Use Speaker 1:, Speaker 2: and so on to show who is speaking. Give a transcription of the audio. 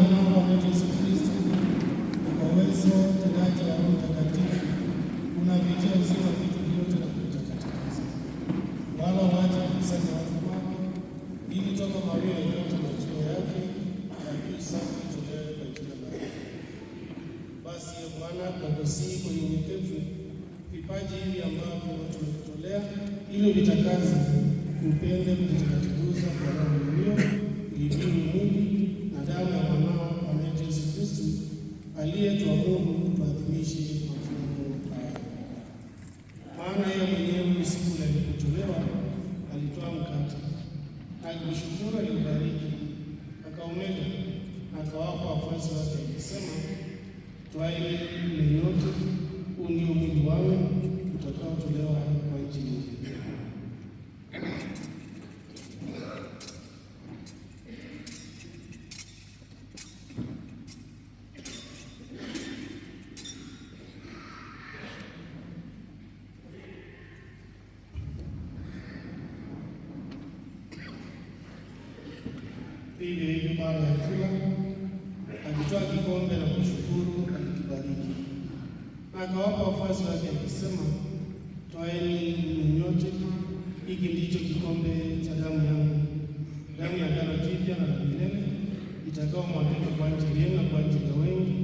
Speaker 1: mwanao wa Yesu Kristo na kwa uwezo mtendaji wa Roho Mtakatifu unavitia uzima vitu vyote na kuvitakatikiza, wala waache kukusanya watu wake, ili toka mawia yote machuo yake na kiu safi itolewe kwa jina lake. Basi ye Bwana, tunakusihi kwa unyenyekevu vipaji hivi ambavyo tumekutolea, ili vitakaze kupende kuvitakatikiza kwa Roho hiyo aliyeitwa Mungu tuadhimishe mafungo haya, maana yeye mwenyewe siku alipotolewa alitoa mkate, alishukuru, aliubariki, akaumega, akawapa wafuasi wake akisema, twaile mle
Speaker 2: pili hii baada ya kula akitoa kikombe na kushukuru alikibariki, na akawapa wafuasi wake akisema, twaeni mnywe nyote, hiki ndicho kikombe cha damu yangu, damu ya agano jipya na la milele, itakaomwagika kwa ajili yenu na kwa ajili ya wengi